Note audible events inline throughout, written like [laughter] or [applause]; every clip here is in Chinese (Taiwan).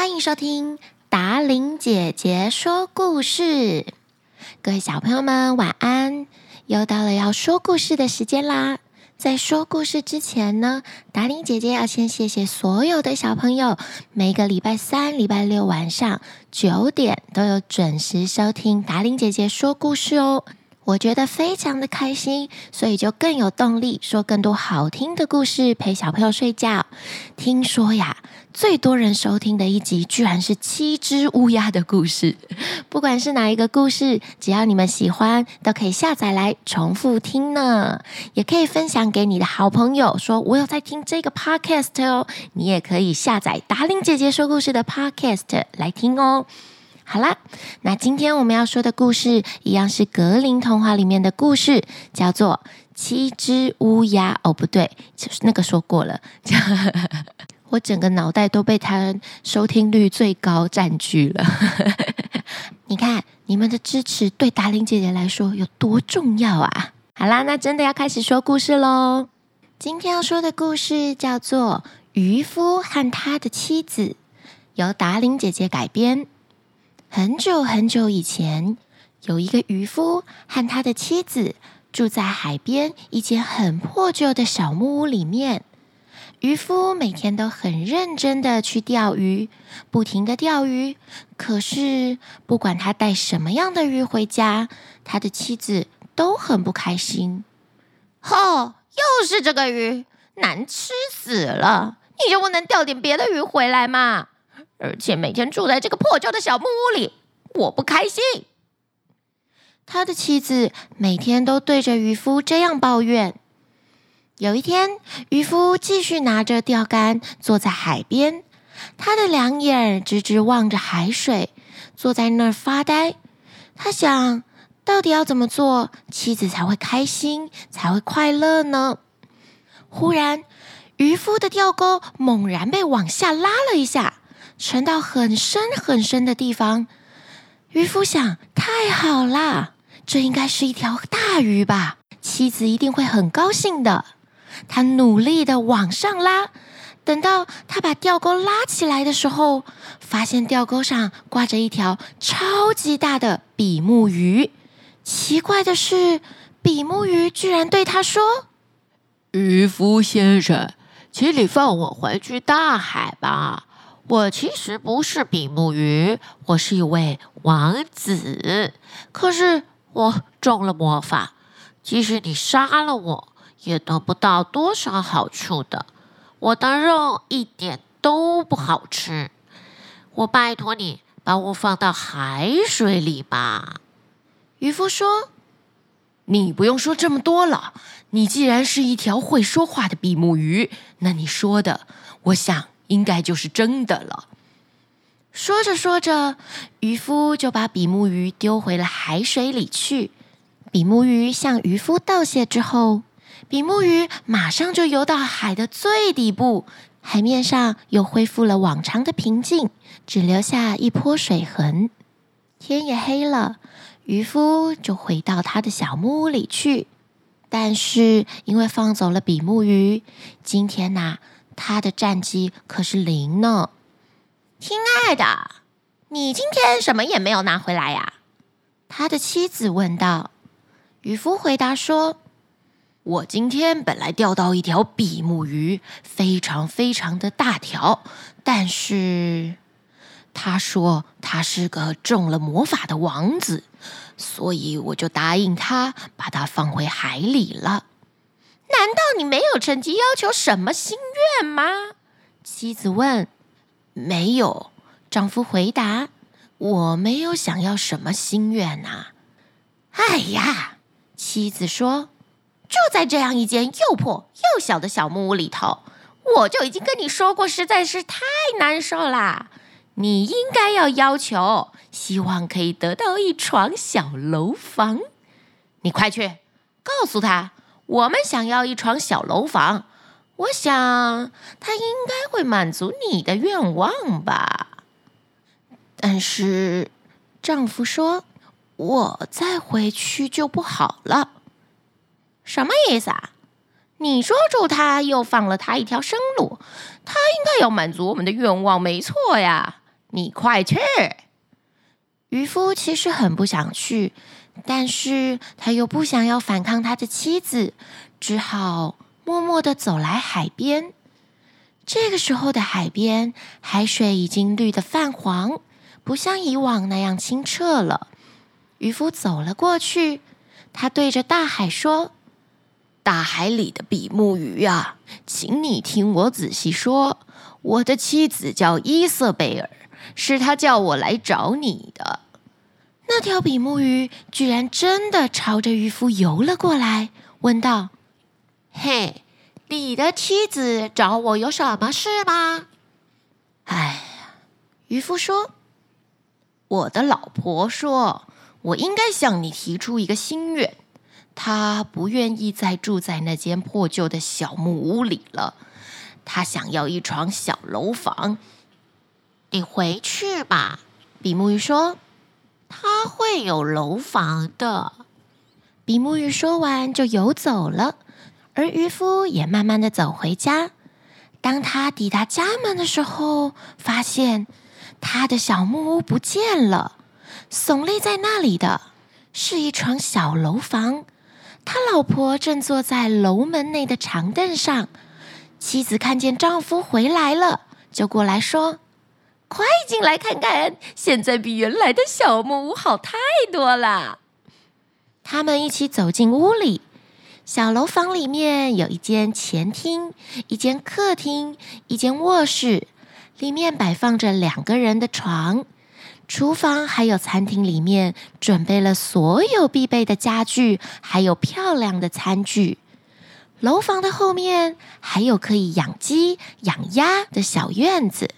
歡迎收聽達伶姐姐說故事，各位小朋友們晚安，又到了要說故事的時間啦！在說故事之前呢，達伶姐姐要先謝謝所有的小朋友，每個禮拜三、禮拜六晚上九點都有準時收聽達伶姐姐說故事哦。我覺得非常的開心，所以就更有動力說更多好聽的故事陪小朋友睡覺。聽說呀，最多人收聽的一集居然是七隻烏鴉的故事。不管是哪一個故事，只要你們喜歡，都可以下載來重複聽呢。也可以分享給你的好朋友，說我有在聽這個 podcast 哦。你也可以下載達伶姐姐說故事的 podcast 來聽哦。好啦，那今天我們要說的故事一樣是格林童話裡面的故事，叫做《七只烏鴉》。哦，不對，就是那個說過了， [laughs] 我整個腦袋都被它收聽率最高占據了。 [laughs] 你看，你們的支持對達伶姐姐來說有多重要啊！好啦，那真的要開始說故事嘍。今天要說的故事叫做《漁夫和他的妻子》，由達伶姐姐改編。很久很久以前，有一個漁夫和他的妻子住在海邊一間很破舊的小木屋裡面。漁夫每天都很認真的去釣魚，不停的釣魚。可是不管他帶什麼樣的魚回家，他的妻子都很不開心。吼，又是這個魚，難吃死了！你就不能釣點別的魚回來嗎？而且每天住在這個破舊的小木屋裡，我不開心。他的妻子每天都對着漁夫這樣抱怨。有一天，漁夫繼續拿着釣竿坐在海邊，他的兩眼直直望着海水，坐在那兒發呆。他想，到底要怎麼做，妻子才會開心，才會快樂呢？忽然，漁夫的釣鈎猛然被往下拉了一下。沉到很深很深的地方，漁夫想：太好啦，這應該是一條大魚吧？妻子一定會很高興的。他努力的往上拉，等到他把釣鈎拉起來的時候，發現釣鈎上掛着一條超級大的比目魚。奇怪的是，比目魚居然對他說：“漁夫先生，請你放我回去大海吧。”我其實不是比目魚，我是一位王子。可是我中了魔法，即使你殺了我，也得不到多少好處的。我的肉一點都不好吃。我拜託你把我放到海水裡吧。漁夫說：“你不用說這麼多了。你既然是一條會說話的比目魚，那你說的，我想。”應該就是真的了。說着說着，漁夫就把比目魚丟回了海水裡去。比目魚向漁夫道謝之後，比目魚馬上就游到海的最底部，海面上又恢復了往常的平靜，只留下一波水痕。天也黑了，漁夫就回到他的小木屋裡去。但是因為放走了比目魚，今天吶、啊。他的戰績可是零呢。親愛的，你今天什麼也沒有拿回來呀、啊？他的妻子問道。漁夫回答說：“我今天本來釣到一條比目魚，非常非常的大條，但是他說他是個中了魔法的王子，所以我就答應他把他放回海裡了。”難道你沒有趁機要求什麼心願嗎？妻子問。沒有，丈夫回答。我沒有想要什麼心願吶、啊。哎呀，妻子說。住在這樣一間又破又小的小木屋裡頭，我就已經跟你說過，實在是太難受啦。你應該要要求，希望可以得到一幢小樓房。你快去告訴他。我們想要一幢小樓房，我想他應該會滿足你的願望吧。但是，丈夫說：“我再回去就不好了。”什麼意思啊？你抓住他，又放了他一條生路，他應該要滿足我們的願望，沒錯呀。你快去！漁夫其實很不想去。但是他又不想要反抗他的妻子，只好默默地走來海邊。這個時候的海邊，海水已經綠得泛黃，不像以往那樣清澈了。漁夫走了過去，他對着大海說：“大海裡的比目魚呀、啊，請你聽我仔細說，我的妻子叫伊瑟貝爾，是她叫我來找你的。”那條比目魚居然真的朝着漁夫游了過來，問道：“嘿，你的妻子找我有什麼事嗎？”哎呀，漁夫說：“我的老婆說，我應該向你提出一個心願，她不願意再住在那間破舊的小木屋裡了，她想要一幢小樓房。”你回去吧，比目魚說。他會有樓房的。比目魚說完就游走了，而漁夫也慢慢的走回家。當他抵達家門的時候，發現他的小木屋不見了。聳立在那裡的是一幢小樓房。他老婆正坐在樓門內的長凳上。妻子看見丈夫回來了，就過來說。快進來看看，現在比原來的小木屋好太多了。他們一起走進屋裡，小樓房裡面有一間前廳、一間客廳、一間臥室，裡面擺放着兩個人的床。廚房還有餐廳，裡面準備了所有必備的家具，還有漂亮的餐具。樓房的後面還有可以養雞、養鴨的小院子。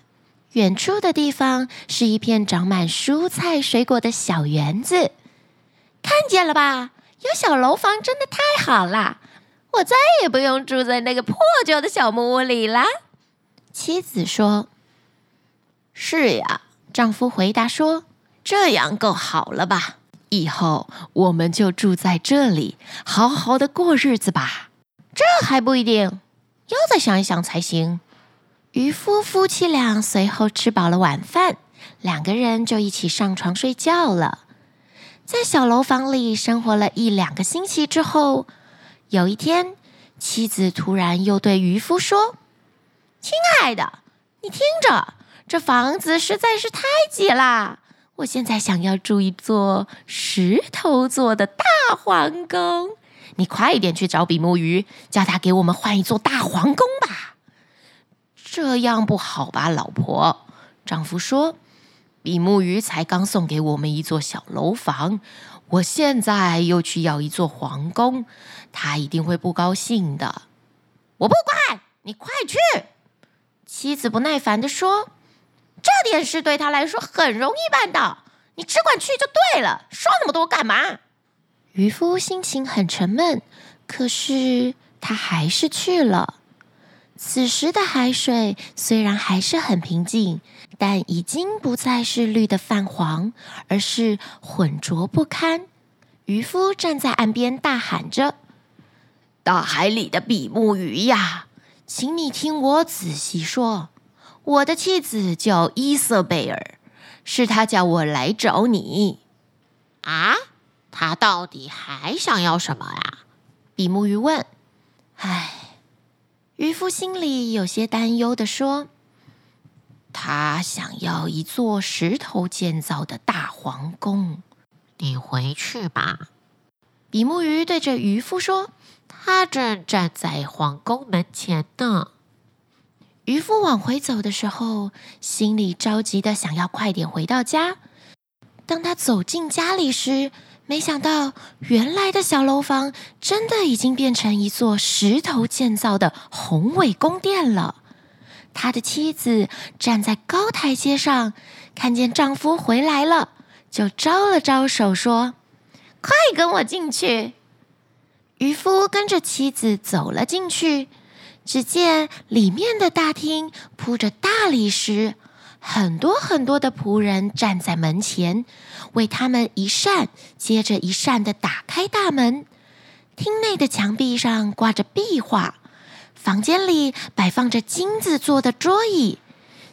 遠處的地方是一片長滿蔬菜水果的小園子，看見了吧？有小樓房真的太好啦！我再也不用住在那個破舊的小木屋裡了。妻子說：“是呀。”丈夫回答說：“這樣夠好了吧？以後我們就住在這裡，好好的過日子吧。”這還不一定，要再想一想才行。漁夫夫妻倆隨後吃飽了晚飯，兩個人就一起上床睡覺了。在小樓房裡生活了一兩個星期之後，有一天，妻子突然又對漁夫說：“親愛的，你聽着，這房子實在是太擠啦！我現在想要住一座石頭做的大皇宮，你快一點去找比目魚，叫他給我們換一座大皇宮吧。”這樣不好吧，老婆。”丈夫說，“比目魚才剛送給我們一座小樓房，我現在又去要一座皇宮，他一定會不高興的。”“我不管你，快去！”妻子不耐煩的說，“這點事對他來說很容易辦到，你只管去就對了，說那麼多幹嘛？”漁夫心情很沉悶，可是他還是去了。此時的海水雖然還是很平靜，但已經不再是綠的泛黃，而是渾濁不堪。漁夫站在岸邊大喊着：“大海裡的比目魚呀，請你聽我仔細說，我的妻子叫伊瑟貝爾，是她叫我來找你。”啊，她到底還想要什麼呀？比目魚問：“唉。”漁夫心裡有些擔憂地說：“他想要一座石頭建造的大皇宮。”你回去吧。比目魚對着漁夫說：“他正站在皇宮門前呢。”漁夫往回走的時候，心裡着急地想要快點回到家。當他走進家裡時，沒想到，原來的小樓房真的已經變成一座石頭建造的宏偉宮殿了。他的妻子站在高台階上，看見丈夫回來了，就招了招手，說：“快跟我進去。”漁夫跟着妻子走了進去，只見裡面的大廳鋪着大理石。很多很多的僕人站在門前，為他們一扇接着一扇地打開大門。廳內的牆壁上掛着壁畫，房間裡擺放着金子做的桌椅，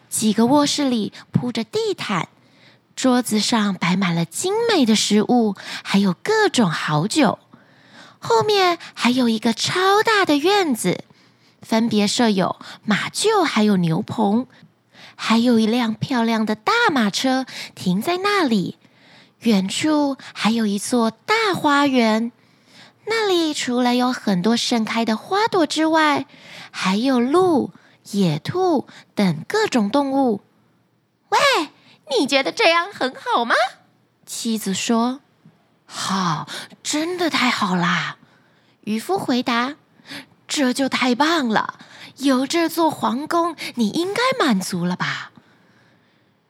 幾個臥室裡鋪着地毯，桌子上擺滿了精美的食物，還有各種好酒。後面還有一個超大的院子，分別設有馬廄還有牛棚。還有一輛漂亮的大馬車停在那裡，遠處還有一座大花園，那裡除了有很多盛開的花朵之外，還有鹿、野兔等各種動物。喂，你覺得這樣很好嗎？妻子說：“好，真的太好啦！”漁夫回答：“這就太棒了。”有這座皇宮，你應該滿足了吧？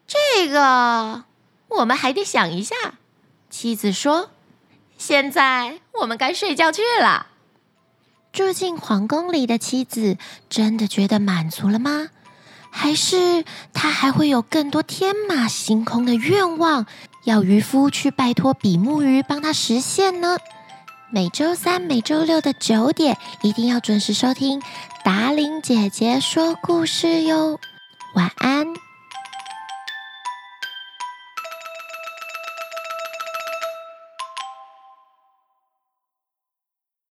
這個我們還得想一下。妻子說：“現在我們該睡覺去了。”住進皇宮裡的妻子真的覺得滿足了嗎？還是她還會有更多天馬行空的願望，要漁夫去拜托比目魚幫她實現呢？每周三、每周六的九點，一定要準時收聽。達伶姐姐說故事喲，晚安。